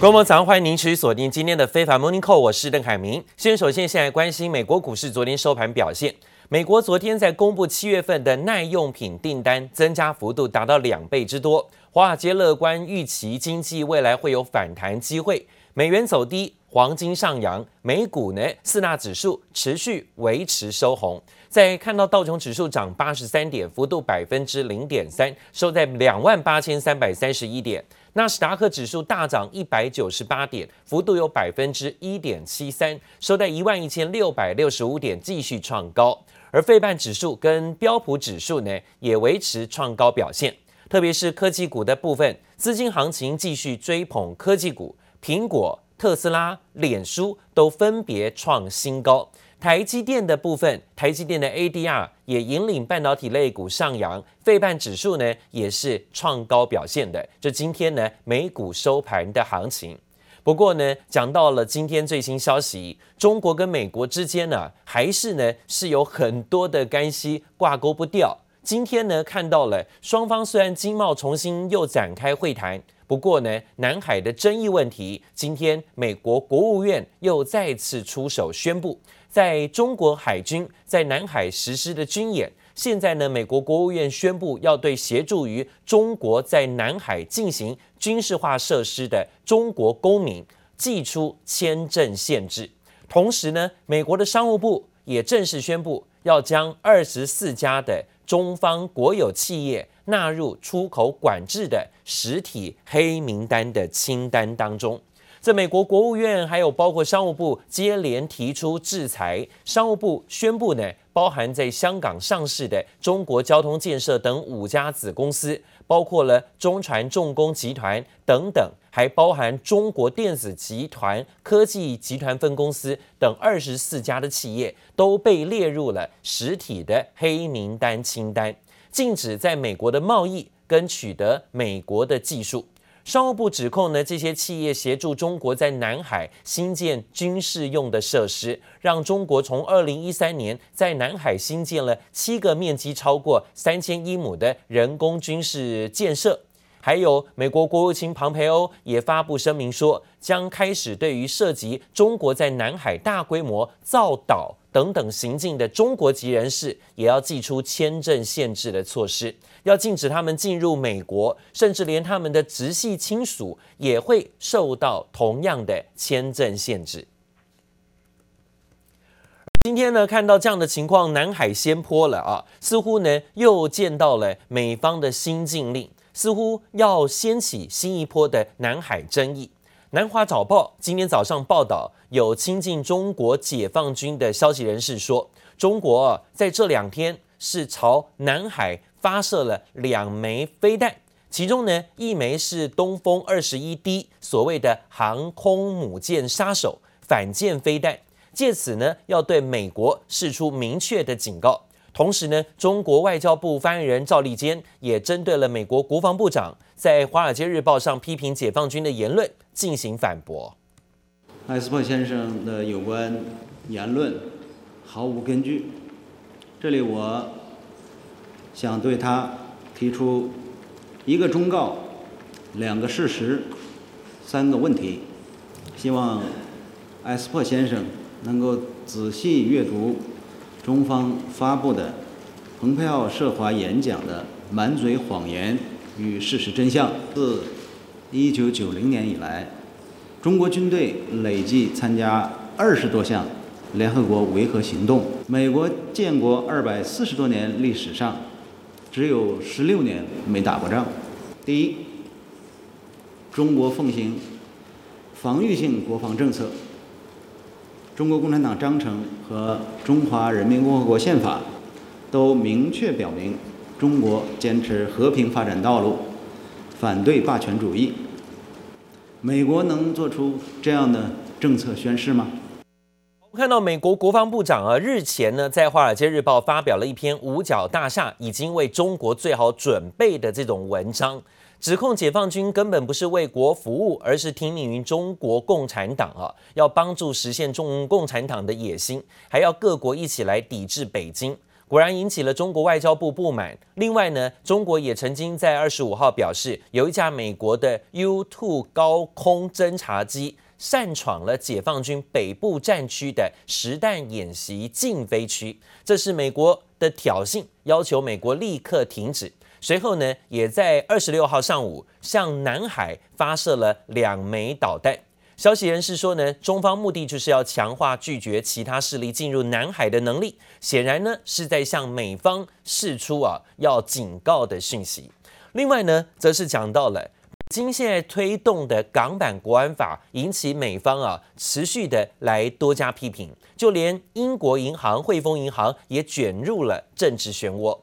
各位 m 歡迎您持續鎖定今天的非凡 Morning Call，我是鄧凱銘。先首先先來關心美國股市昨天收盤表現。美國昨天在公布七月份的耐用品訂單增加幅度達到兩倍之多，華爾街樂觀預期經濟未來會有反彈機會。美元走低，黃金上揚，美股呢四大指數持續維持收紅。再看到道瓊指數漲八十三點，幅度百分之零點三，收在兩萬八千三百三十一點。納斯達克指數大漲一百九十八點，幅度有百分之一點七三，收在一萬一千六百六十五點，繼續創高。而費半指數跟標普指數呢，也維持創高表現。特別是科技股的部分，資金行情繼續追捧科技股，蘋果、特斯拉、臉書都分別創新高。台積電的部分，台積電的 ADR 也引領半導體類股上揚，費半指數呢也是創高表現的。就今天呢美股收盤的行情，不過呢講到了今天最新消息，中國跟美國之間呢、啊、還是呢是有很多的干係掛鈎不掉。今天呢看到了雙方雖然經貿重新又展開會談，不過呢南海的爭議問題，今天美國國務院又再次出手宣布。在中國海軍在南海實施的軍演，現在呢，美國國務院宣布要對協助於中國在南海進行軍事化設施的中國公民祭出簽證限制。同時呢，美國的商務部也正式宣布要將二十四家的中方國有企業納入出口管制的實體黑名單的清單當中。在美國國務院，還有包括商務部接連提出制裁。商務部宣布呢，包含在香港上市的中國交通建設等五家子公司，包括了中船重工集團等等，還包含中國電子集團科技集團分公司等二十四家的企業，都被列入了實體的黑名單清單，禁止在美國的貿易跟取得美國的技術。商務部指控呢，這些企業協助中國在南海新建軍事用的設施，讓中國從二零一三年在南海新建了七個面積超過三千英畝的人工軍事建設。還有，美國國務卿龐培歐也發布聲明說，將開始對於涉及中國在南海大規模造島，等等行徑的中國籍人士，也要祭出簽證限制的措施，要禁止他們進入美國，甚至連他們的直系親屬也會受到同樣的簽證限制。今天呢，看到這樣的情況，南海掀波了啊，似乎呢又見到了美方的新禁令，似乎要掀起新一波的南海爭議。南華早報今天早上報道，有親近中國解放軍的消息人士說，中國在這兩天是朝南海發射了兩枚飛彈，其中呢一枚是東風二十一 D，所謂的航空母艦殺手反艦飛彈，借此呢要對美國釋出明確的警告。同時呢，中國外交部發言人趙立堅也針對了美國國防部長在《華爾街日報》上批評解放軍的言論進行反駁。埃斯珀先生的有關言論毫無根據。這裡我想對他提出一個忠告、兩個事實、三個問題，希望埃斯珀先生能夠仔細閱讀。中方發布的蓬佩奧涉華演講的滿嘴謊言與事實真相。自1990年以來，中國軍隊累計參加二十多項聯合國維和行動。美國建國二百四十多年歷史上，只有十六年沒打過仗。第一，中國奉行防御性國防政策。中國共產黨章程和中華人民共和國憲法都明確表明，中國堅持和平發展道路，反對霸權主義。美國能做出這樣的政策宣示嗎？我們看到美國國防部長啊，日前呢，在《華爾街日報》發表了一篇“五角大廈已經為中國做好準備”的這種文章。指控解放軍根本不是為國服務，而是聽命於中國共產黨啊！要幫助實現中共共產黨的野心，還要各國一起來抵制北京。果然引起了中國外交部不滿。另外呢，中國也曾經在二十五號表示，有一架美國的 U2 高空偵察機擅闖了解放軍北部戰區的實彈演習禁飛區，這是美國的挑釁，要求美國立刻停止。隨後呢，也在二十六號上午向南海發射了兩枚導彈。消息人士說呢，中方目的就是要強化拒絕其他勢力進入南海的能力，顯然呢是在向美方釋出啊要警告的訊息。另外呢，則是講到了北京現在推動的港版國安法，引起美方啊持續的來多加批評，就連英國銀行匯豐銀行也捲入了政治漩渦。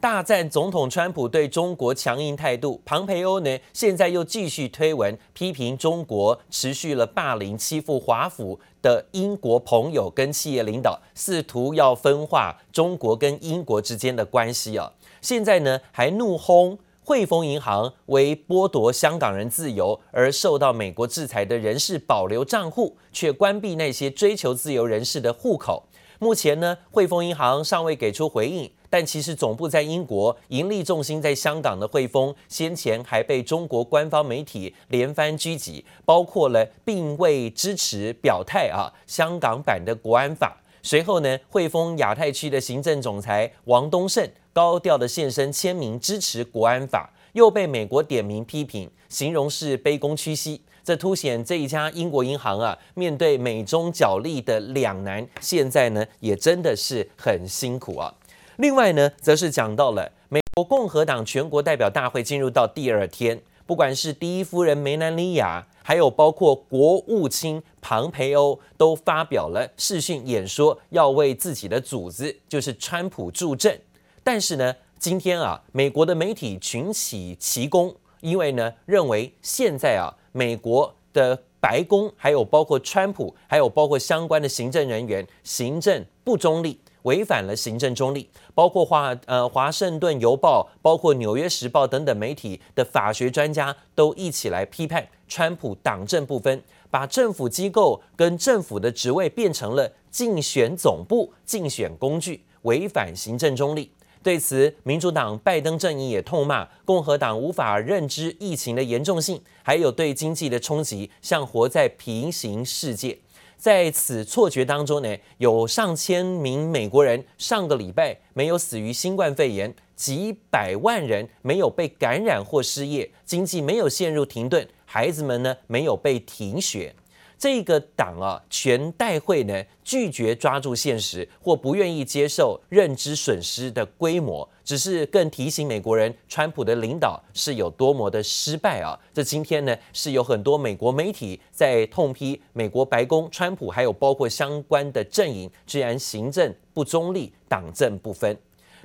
大讚總統川普對中國強硬態度，龐培歐呢，現在又繼續推文批評中國，持續了霸凌欺負華府的英國朋友跟企業領導，試圖要分化中國跟英國之間的關係啊！現在呢，還怒轟匯豐銀行為剝奪香港人自由而受到美國制裁的人士保留賬戶，卻關閉那些追求自由人士的戶口。目前呢，匯豐銀行尚未給出回應。但其實總部在英國、盈利重心在香港的匯豐，先前還被中國官方媒體連番狙擊，包括了並未支持表態啊，香港版的國安法。隨後呢，匯豐亞太區的行政總裁王東勝高調的現身簽名支持國安法，又被美國點名批評，形容是卑躬屈膝。這凸顯這一家英國銀行啊，面對美中角力的兩難，現在呢，也真的是很辛苦啊。另外呢，則是講到了美國共和黨全國代表大會進入到第二天，不管是第一夫人梅蘭妮亞，還有包括國務卿龐佩歐，都發表了視訊演說，要為自己的組織，就是川普助陣。但是呢，今天啊，美國的媒體群起齊攻，因為呢，認為現在啊，美國的白宮，還有包括川普，還有包括相關的行政人員，行政不中立。違反了行政中立，包括華呃《華盛頓郵報》、包括《紐約時報》等等媒體的法學專家都一起來批判川普黨政不分，把政府機構跟政府的職位變成了競選總部、競選工具，違反行政中立。對此，民主黨拜登陣營也痛罵共和黨無法認知疫情的嚴重性，還有對經濟的衝擊，像活在平行世界。在此錯覺當中呢，有上千名美國人上個禮拜沒有死於新冠肺炎，幾百萬人沒有被感染或失業，經濟沒有陷入停頓，孩子們呢沒有被停學。這個黨啊，全代會呢拒絕抓住現實，或不願意接受認知損失的規模。只是更提醒美國人，川普的領導是有多麼的失敗啊！這今天呢，是有很多美國媒體在痛批美國白宮、川普，還有包括相關的陣營，居然行政不中立、黨政不分。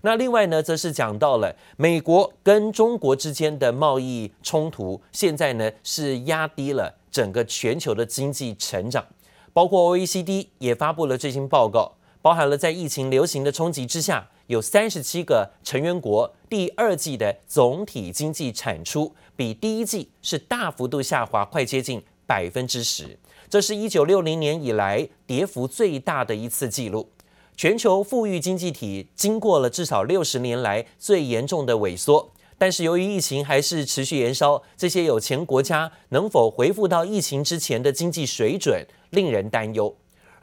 那另外呢，則是講到了美國跟中國之間的貿易衝突，現在呢是壓低了整個全球的經濟成長。包括 OECD 也發布了最新報告，包含了在疫情流行的衝擊之下。有三十七個成員國第二季的總體經濟產出比第一季是大幅度下滑，快接近百分之十，這是一九六零年以來跌幅最大的一次記錄。全球富裕經濟體經過了至少六十年來最嚴重的萎縮，但是由於疫情還是持續延燒，這些有錢國家能否回復到疫情之前的經濟水準，令人擔憂。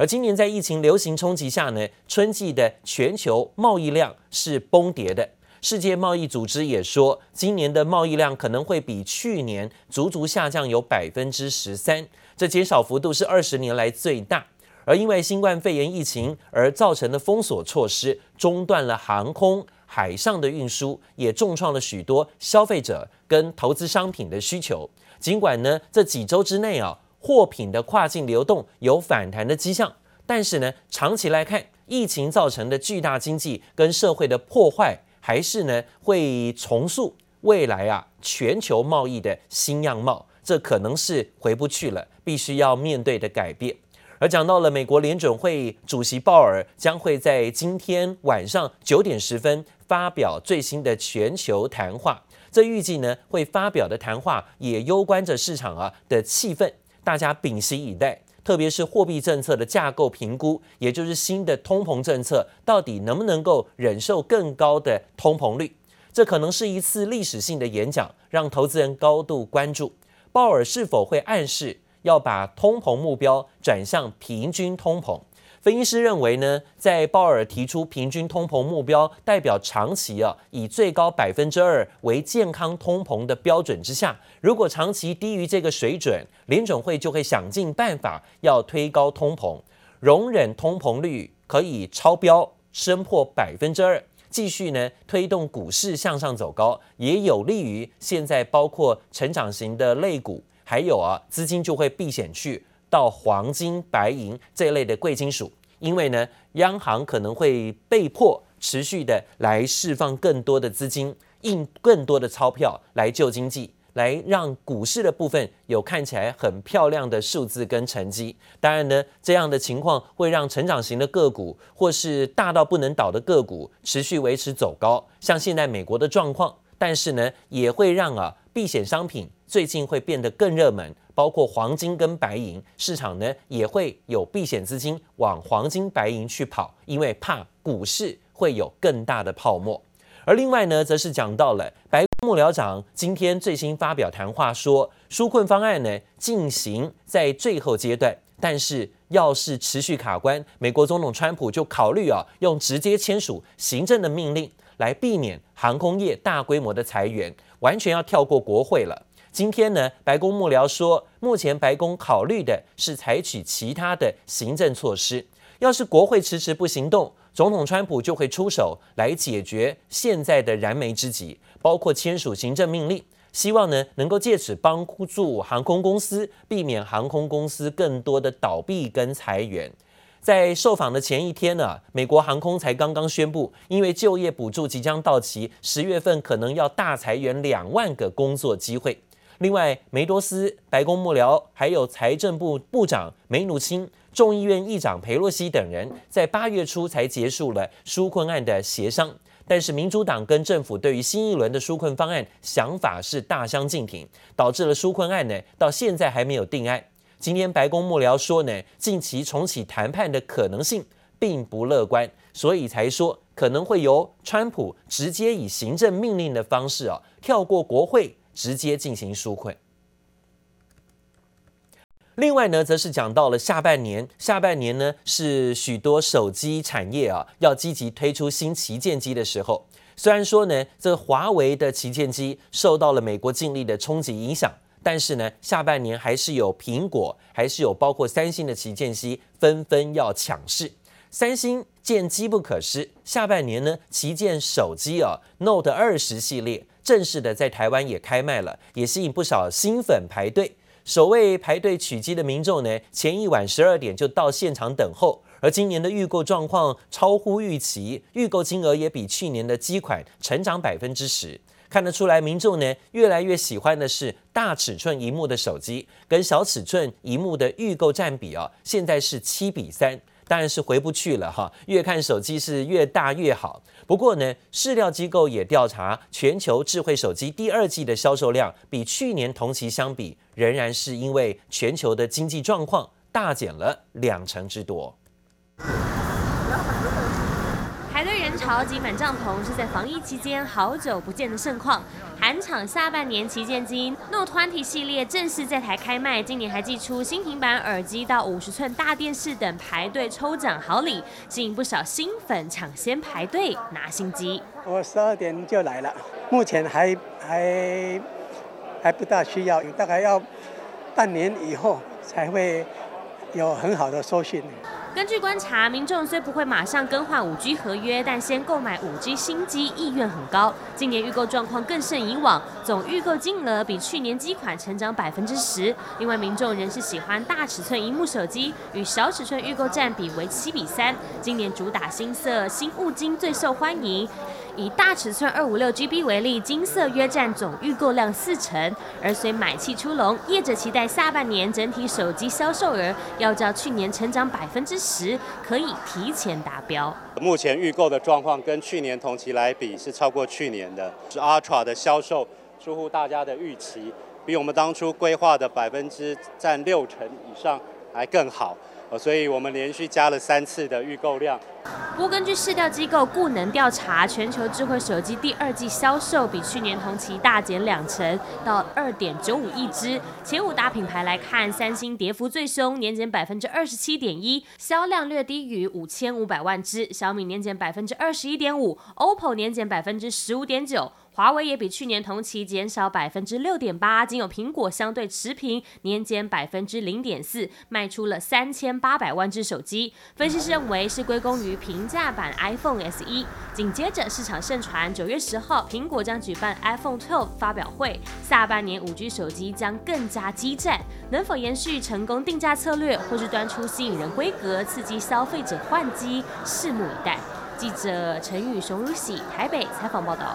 而今年在疫情流行衝擊下呢，春季的全球貿易量是崩跌的。世界貿易組織也說，今年的貿易量可能會比去年足足下降有百分之十三，這減少幅度是二十年來最大。而因為新冠肺炎疫情而造成的封鎖措施，中斷了航空、海上的運輸，也重創了許多消費者跟投資商品的需求。儘管呢，這幾週之內啊。貨品的跨境流動有反彈的跡象，但是呢，長期來看，疫情造成的巨大經濟跟社會的破壞，還是呢會重塑未來啊全球貿易的新樣貌。這可能是回不去了，必須要面對的改變。而講到了美國聯準會主席鮑爾將會在今天晚上九點十分發表最新的全球談話，這預計呢會發表的談話也攸關着市場啊的氣氛。大家屏息以待，特別是貨幣政策的架構評估，也就是新的通膨政策到底能不能夠忍受更高的通膨率？這可能是一次歷史性的演講，讓投資人高度關注鮑爾是否會暗示要把通膨目標轉向平均通膨。分析師認為呢，在鮑爾提出平均通膨目標代表長期啊，以最高百分之二為健康通膨的標準之下，如果長期低於這個水準，聯準會就會想盡辦法要推高通膨，容忍通膨率可以超標，升破百分之二，繼續呢推動股市向上走高，也有利於現在包括成長型的類股，還有啊資金就會避險去。到黃金、白銀這一類的貴金屬，因為呢，央行可能會被迫持續的來釋放更多的資金，印更多的鈔票來救經濟，來讓股市的部分有看起來很漂亮的數字跟成績。當然呢，這樣的情況會讓成長型的個股或是大到不能倒的個股持續維持走高，像現在美國的狀況。但是呢，也會讓啊。避險商品最近會變得更熱門，包括黃金跟白銀市場呢，也會有避險資金往黃金、白銀去跑，因為怕股市會有更大的泡沫。而另外呢，則是講到了白宮幕僚長今天最新發表談話說，紓困方案呢，進行在最後階段，但是要是持續卡關，美國總統川普就考慮啊用直接簽署行政的命令，來避免航空業大規模的裁員，完全要跳過國會了。今天呢，白宮幕僚說，目前白宮考慮的是採取其他的行政措施。要是國會遲遲不行動，總統川普就會出手來解決現在的燃眉之急，包括簽署行政命令，希望呢，能夠借此幫助航空公司，避免航空公司更多的倒閉跟裁員。在受訪的前一天呢、啊，美國航空才剛剛宣布，因為就業補助即將到期，十月份可能要大裁員兩萬個工作機會。另外，梅多斯、白宮幕僚，還有財政部部長梅努欽、眾議院議長裴洛西等人，在八月初才結束了紓困案的協商。但是，民主黨跟政府對於新一輪的紓困方案想法是大相徑庭，導致了紓困案呢到現在還沒有定案。今天白宮幕僚說呢，近期重啟談判的可能性並不樂觀，所以才說可能會由川普直接以行政命令的方式啊，跳過國會直接進行紓困。另外呢，則是講到了下半年，下半年呢是許多手機產業啊要積極推出新旗艦機的時候。雖然說呢，這華為的旗艦機受到了美國禁令的衝擊影響。但是呢，下半年還是有蘋果，還是有包括三星的旗艦機紛紛要搶市。三星見機不可失，下半年呢，旗艦手機啊，Note 20系列正式的在台灣也開賣了，也吸引不少新粉排隊。首位排隊取機的民眾呢，前一晚十二點就到現場等候。而今年的預購狀況超乎預期，預購金額也比去年的機款成長百分之十。看得出來，民眾呢，越來越喜歡的是大尺寸螢幕的手機，跟小尺寸螢幕的預購占比啊、哦，現在是七比三，當然是回不去了哈。越看手機是越大越好。不過呢，市調機構也調查，全球智慧手機第二季的銷售量比去年同期相比，仍然是因為全球的經濟狀況大減了兩成之多。好幾滿帳篷是在防疫期間好久不見的盛況。韓廠下半年旗艦機 Note 20系列正式在台開賣，今年還寄出新平板、耳機到五十寸大電視等排隊抽獎好禮，吸引不少新粉搶先排隊拿新機。我十二點就來了，目前還還還不大需要，大概要半年以後才會有很好的收訊。根據觀察，民眾雖不會馬上更換 5G 合約，但先購買 5G 新機意願很高。今年預購狀況更勝以往，總預購金額比去年機款成長百分之十。另外，民眾仍是喜歡大尺寸熒幕手機，與小尺寸預購佔比為七比三。今年主打新色、新物金最受歡迎。以大尺寸二五六 GB 為例，金色約占總預購量四成，而隨買氣出籠，業者期待下半年整體手機銷售額要較去年成長百分之十，可以提前達標。目前預購的狀況跟去年同期來比是超過去年的，是 Ultra 的銷售出乎大家的預期，比我們當初規劃的百分之占六成以上。還更好，呃，所以我們連續加了三次的預購量。不過，根據市調機構固能調查，全球智慧手機第二季銷售比去年同期大減兩成，到二點九五億只。前五大品牌來看，三星跌幅最凶，年減百分之二十七點一，銷量略低於五千五百萬只；小米年減百分之二十一點五；OPPO 年減百分之十五點九。華為也比去年同期減少百分之六點八，僅有蘋果相對持平，年減百分之零點四，賣出了三千八百萬只手機。分析師認為是歸功於平價版 iPhone SE。緊接着，市場盛傳九月十號蘋果將舉辦 iPhone 12發表會，下半年五 G 手機將更加激戰，能否延續成功定價策略，或是端出吸引人規格，刺激消費者換機，拭目以待。記者陳宇雄如喜台北採訪報道。